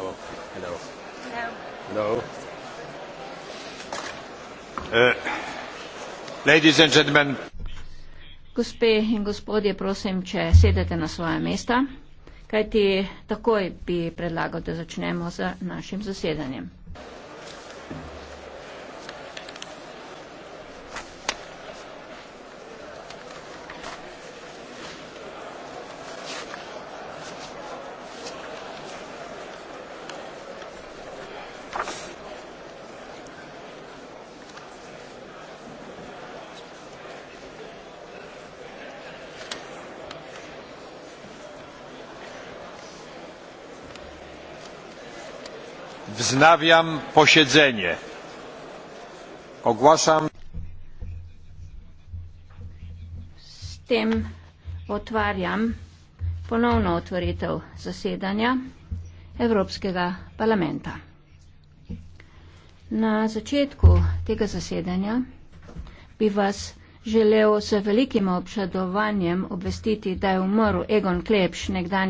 Hello. Hello. Hello. Uh, ladies and gentlemen. Gospe in gospodje, prosim, če sedete na svoje mesta, kajti takoj bi predlagal, da začnemo z našim zasedanjem. wznawiam posiedzenie ogłaszam z tym otwieram ponowną otwieram zasiedania Europejskiego Parlamentu na początku tego zasiedania by was želel z velikim obžadovanjem obvestiti, da je umrl Egon Klepš, nekdani